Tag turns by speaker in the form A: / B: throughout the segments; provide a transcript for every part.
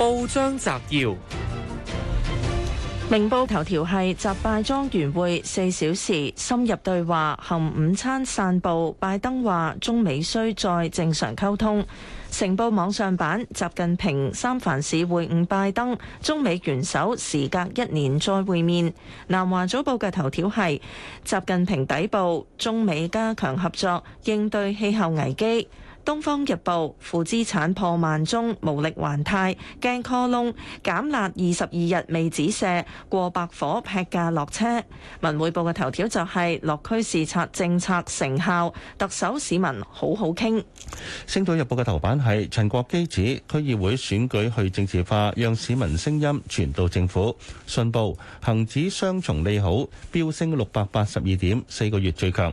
A: 報章摘要：明報頭條係：習拜莊園會四小時深入對話，含午餐散步。拜登話中美需再正常溝通。成報網上版：習近平三藩市會晤拜登，中美元首時隔一年再會面。南華早報嘅頭條係：習近平抵埗，中美加強合作應對氣候危機。《東方日報》負資產破萬宗，無力還貸，驚 Call 窿，減辣二十二日未止瀉，過百火劈價落車。文匯就是《文匯報》嘅頭條就係落區視察政策成效，特首市民好好傾。
B: 《星島日報》嘅頭版係陳國基指區議會選舉去政治化，讓市民聲音傳到政府。信報恒指雙重利好，飆升六百八十二點，四個月最強。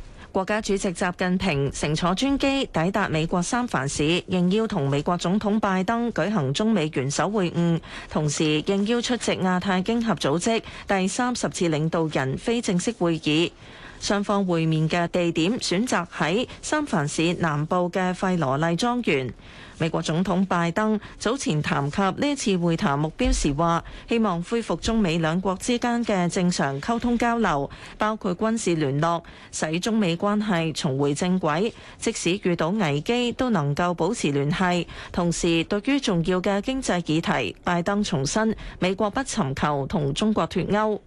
A: 國家主席習近平乘坐專機抵達美國三藩市，應邀同美國總統拜登舉行中美元首會晤，同時應邀出席亞太經合組織第三十次領導人非正式會議。雙方會面嘅地點選擇喺三藩市南部嘅費羅麗莊園。美國總統拜登早前談及呢次會談目標時，話希望恢復中美兩國之間嘅正常溝通交流，包括軍事聯絡，使中美關係重回正軌，即使遇到危機都能夠保持聯繫。同時，對於重要嘅經濟議題，拜登重申美國不尋求同中國脱鉤。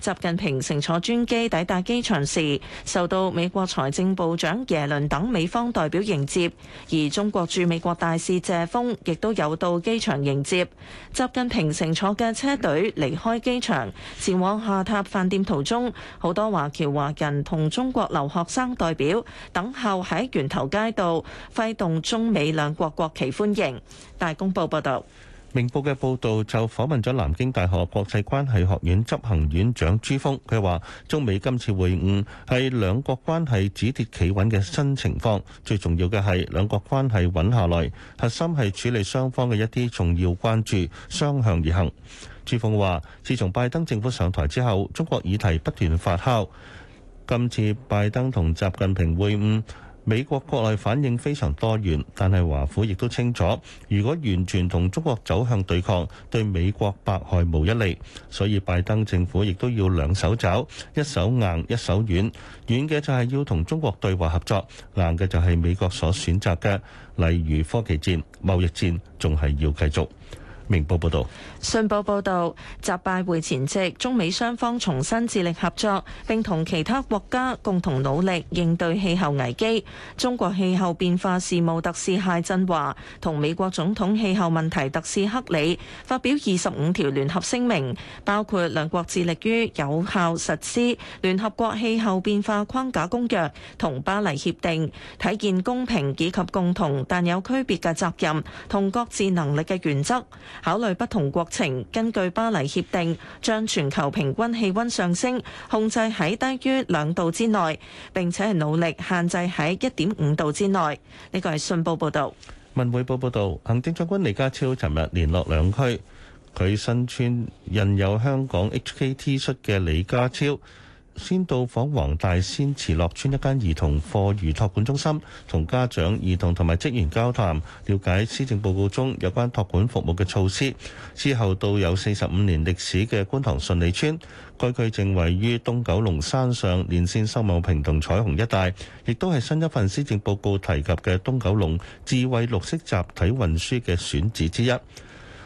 A: 習近平乘坐專機抵達機場時，受到美國財政部長耶倫等美方代表迎接，而中國駐美國大使謝鋒亦都有到機場迎接。習近平乘坐嘅車隊離開機場，前往下榻飯店途中，好多華僑華人同中國留學生代表等候喺源頭街道揮動中美兩國國旗歡迎。大公報報道。
B: 明報嘅報導就訪問咗南京大學國際關係學院執行院長朱鋒，佢話：中美今次會晤係兩國關係止跌企穩嘅新情況，最重要嘅係兩國關係穩下來，核心係處理雙方嘅一啲重要關注，雙向而行。朱鋒話：自從拜登政府上台之後，中國議題不斷發酵，今次拜登同習近平會晤。美國國內反應非常多元，但係華府亦都清楚，如果完全同中國走向對抗，對美國百害無一利。所以拜登政府亦都要兩手走，一手硬，一手軟。軟嘅就係要同中國對話合作，硬嘅就係美國所選擇嘅，例如科技戰、貿易戰，仲係要繼續。明報報導，
A: 信報報導，習拜會前夕，中美雙方重新致力合作，並同其他國家共同努力應對氣候危機。中國氣候變化事務特使解振華同美國總統氣候問題特使克里發表二十五條聯合聲明，包括兩國致力於有效實施聯合國氣候變化框架公約同巴黎協定，體現公平以及共同但有區別嘅責任同各自能力嘅原則。考慮不同國情，根據巴黎協定，將全球平均氣温上升控制喺低於兩度之內，並且係努力限制喺一點五度之內。呢個係信報報導。
B: 文匯報報導，行政長官李家超尋日聯絡兩區，佢身穿印有香港 HKT 恤嘅李家超。先到訪黃大仙慈樂村一間兒童課餘託管中心，同家長、兒童同埋職員交談，了解施政報告中有關託管服務嘅措施。之後到有四十五年歷史嘅觀塘順利村，該區正位於東九龍山上連線秀茂坪同彩虹一帶，亦都係新一份施政報告提及嘅東九龍智慧綠色集體運輸嘅選址之一。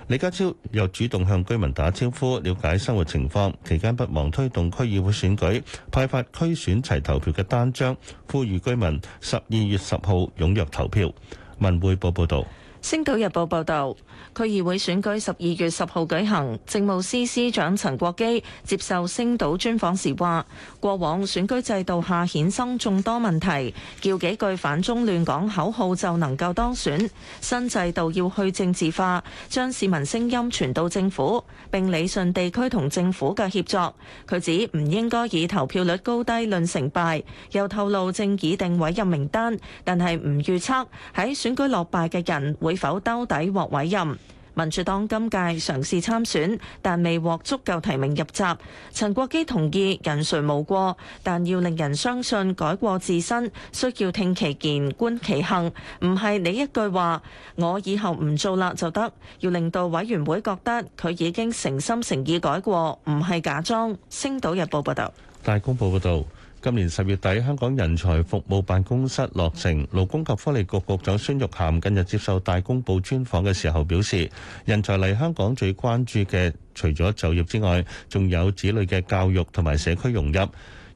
B: 李家超又主動向居民打招呼，了解生活情況，期間不忘推動區議會選舉，派發區選齊投票嘅單張，呼籲居民十二月十號踴躍投票。文匯報報道。
A: 《星島日報》報導，區議會選舉十二月十號舉行。政務司司長陳國基接受《星島》專訪時話：「過往選舉制度下衍生眾多問題，叫幾句反中亂港口號就能夠當選。新制度要去政治化，將市民聲音傳到政府，並理順地區同政府嘅協作。」佢指唔應該以投票率高低論成敗。又透露正擬定委任名單，但係唔預測喺選舉落敗嘅人會否兜底獲委任。民主黨今屆嘗試參選，但未獲足夠提名入閘。陳國基同意人誰無過，但要令人相信改過自身，需要聽其言觀其行，唔係你一句話，我以後唔做啦就得。要令到委員會覺得佢已經誠心誠意改過，唔係假裝。星島日報報道，
B: 大公報報道。今年十月底，香港人才服務辦公室落成，勞工及福利局局長孫玉菡近日接受大公報專訪嘅時候表示，人才嚟香港最關注嘅，除咗就業之外，仲有子女嘅教育同埋社區融入。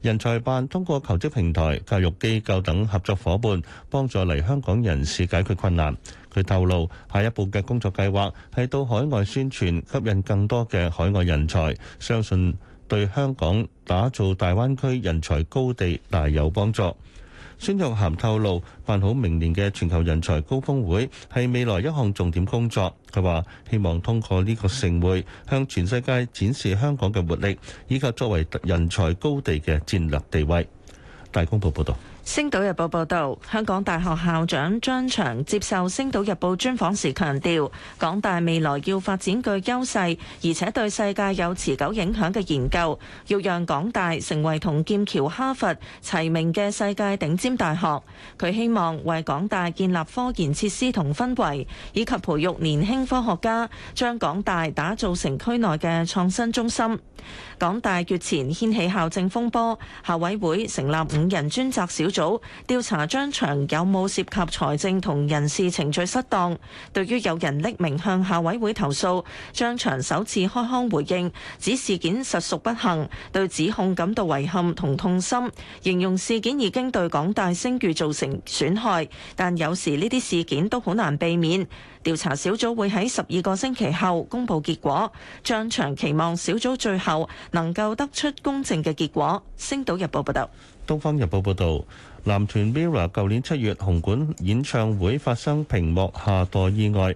B: 人才辦通過求職平台、教育機構等合作夥伴，幫助嚟香港人士解決困難，佢透露，下一步嘅工作計劃係到海外宣傳，吸引更多嘅海外人才。相信。對香港打造大灣區人才高地大有幫助。孫玉菡透露，辦好明年嘅全球人才高峰會係未來一項重點工作。佢話：希望通過呢個盛會，向全世界展示香港嘅活力，以及作為人才高地嘅戰略地位。大公報報道。
A: 《星島日報》報導，香港大學校長張翔接受《星島日報》專訪時強調，港大未來要發展具優勢，而且對世界有持久影響嘅研究，要讓港大成為同劍橋、哈佛齊名嘅世界頂尖大學。佢希望為港大建立科研設施同氛圍，以及培育年輕科學家，將港大打造成區內嘅創新中心。港大月前掀起校政風波，校委會成立五人專責小組。組調查張翔有冇涉及財政同人事程序失當。對於有人匿名向校委會投訴，張翔首次開腔回應，指事件實屬不幸，對指控感到遺憾同痛心，形容事件已經對港大聲譽造成損害，但有時呢啲事件都好難避免。調查小組會喺十二個星期後公布結果。張翔期望小組最後能夠得出公正嘅結果。《星島日報》報道，
B: 《東方日報》報道。男團 MIRROR 舊年七月紅館演唱會發生屏幕下墮意外。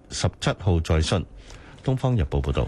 B: 十七號再訊，《東方日報》報道。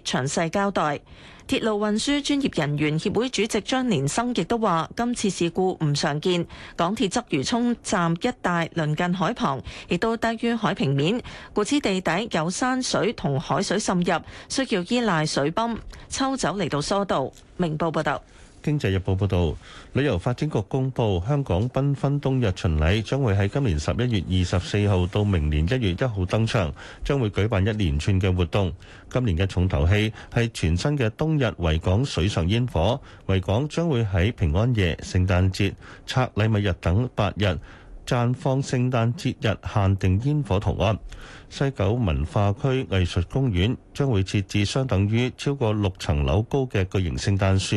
A: 詳細交代。鐵路運輸專業人員協會主席張連生亦都話，今次事故唔常見。港鐵鰂魚涌站一帶鄰近海旁，亦都低於海平面，故此地底有山水同海水滲入，需要依賴水泵抽走嚟到疏導。明報報道。
B: 經濟日報報導，旅遊發展局公布，香港繽紛冬日巡禮將會喺今年十一月二十四號到明年一月一號登場，將會舉辦一連串嘅活動。今年嘅重頭戲係全新嘅冬日維港水上煙火，維港將會喺平安夜、聖誕節、拆禮物日等八日。綻放聖誕節日限定煙火圖案，西九文化區藝術公園將會設置相等於超過六層樓高嘅巨型聖誕樹，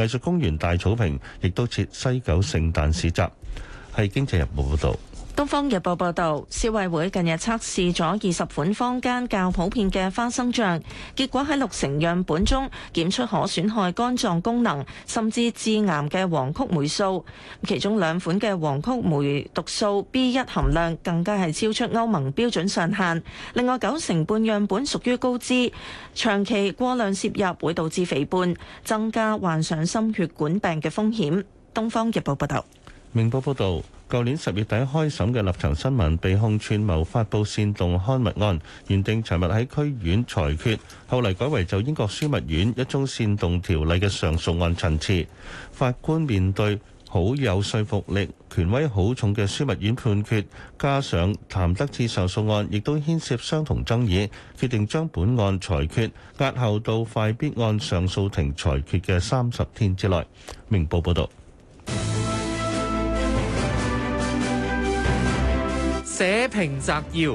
B: 藝術公園大草坪亦都設西九聖誕市集。係《經濟日報》報道。
A: 《東方日報》報導，消委會近日測試咗二十款坊間較普遍嘅花生醬，結果喺六成樣本中檢出可損害肝臟功能，甚至致癌嘅黃曲霉素。其中兩款嘅黃曲霉毒素 B1 含量更加係超出歐盟標準上限。另外九成半樣本屬於高脂，長期過量攝入會導致肥胖，增加患上心血管病嘅風險。《東方日報》報道。
B: 明報報導，舊年十月底開審嘅立場新聞被控串謀發布煽動刊物案，原定尋日喺區院裁決，後嚟改為就英國樞密院一宗煽動條例嘅上訴案陳詞。法官面對好有說服力、權威好重嘅樞密院判決，加上譚德志上訴案亦都牽涉相同爭議，決定將本案裁決押後到快必案上訴庭裁決嘅三十天之內。明報報導。
A: 社評摘要：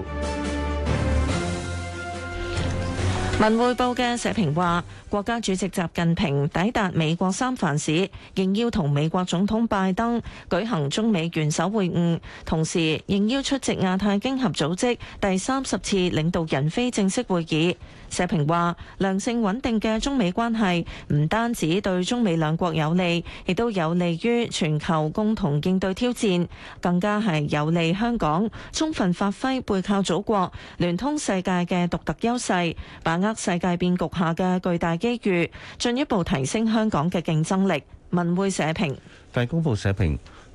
A: 文匯報嘅社評話，國家主席習近平抵達美國三藩市，應邀同美國總統拜登舉行中美元首會晤，同時應邀出席亞太經合組織第三十次領導人非正式會議。社評話，良性穩定嘅中美關係唔單止對中美兩國有利，亦都有利於全球共同應對挑戰，更加係有利香港，充分發揮背靠祖國、聯通世界嘅獨特優勢，把握世界變局下嘅巨大機遇，進一步提升香港嘅競爭力。文匯社評，
B: 大公報社評。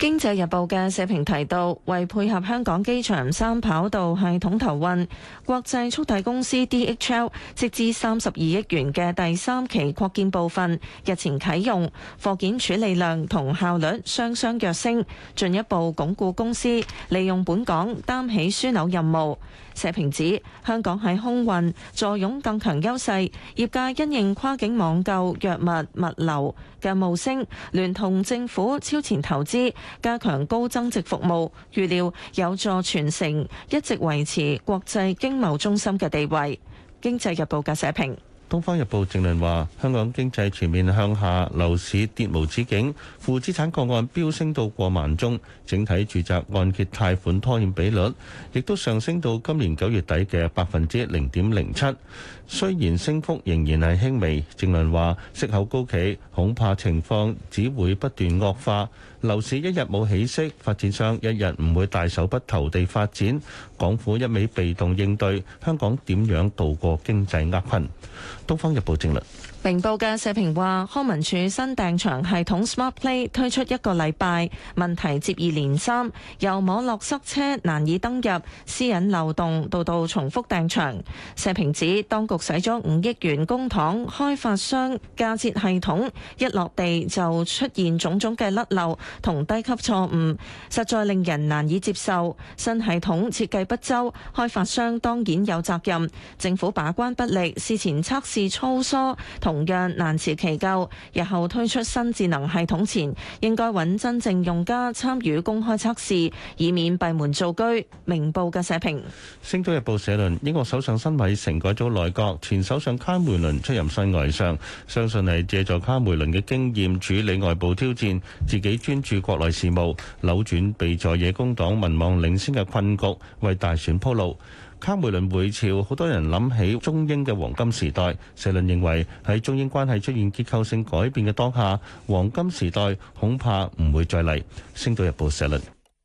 A: 經濟日報嘅社評提到，為配合香港機場三跑道系統投運，國際速遞公司 DHL 斥資三十二億元嘅第三期擴建部分日前啟用，貨件處理量同效率雙雙躍升，進一步鞏固公司利用本港擔起樞紐任務。社評指香港喺空運坐擁更強優勢，業界因應跨境網購藥物物流嘅冒升，聯同政府超前投資加強高增值服務，預料有助全城一直維持國際經貿中心嘅地位。《經濟日報》嘅社評。
B: 《東方日報》正論話：香港經濟全面向下，樓市跌無止境，負資產個案飆升到過萬宗，整體住宅按揭貸款拖欠比率亦都上升到今年九月底嘅百分之零點零七。雖然升幅仍然係輕微，正論話息口高企，恐怕情況只會不斷惡化。樓市一日冇起色，發展商一日唔會大手筆投地發展。港府一味被動應對，香港點樣渡過經濟厄困？東方日報政論。
A: 明報嘅社評話，康文署新訂場系統 SmartPlay 推出一個禮拜，問題接二連三，由網絡塞車難以登入、私隱漏洞、度度重複訂場。社評指，當局使咗五億元公帑，開發商架設系統，一落地就出現種種嘅甩漏同低級錯誤，實在令人難以接受。新系統設計不周，開發商當然有責任，政府把關不力，事前測試粗疏同樣難辭其咎。日後推出新智能系統前，應該揾真正用家參與公開測試，以免閉門造車。明報嘅社評，
B: 《星島日報》社論：英國首相辛偉誠改組內閣，前首相卡梅倫出任新外相，相信係借助卡梅倫嘅經驗處理外部挑戰，自己專注國內事務，扭轉被在野工黨民望領先嘅困局，為大選鋪路。卡梅倫回朝，好多人諗起中英嘅黃金時代。社論認為喺中英關係出現結構性改變嘅當下，黃金時代恐怕唔會再嚟。星島日報社論。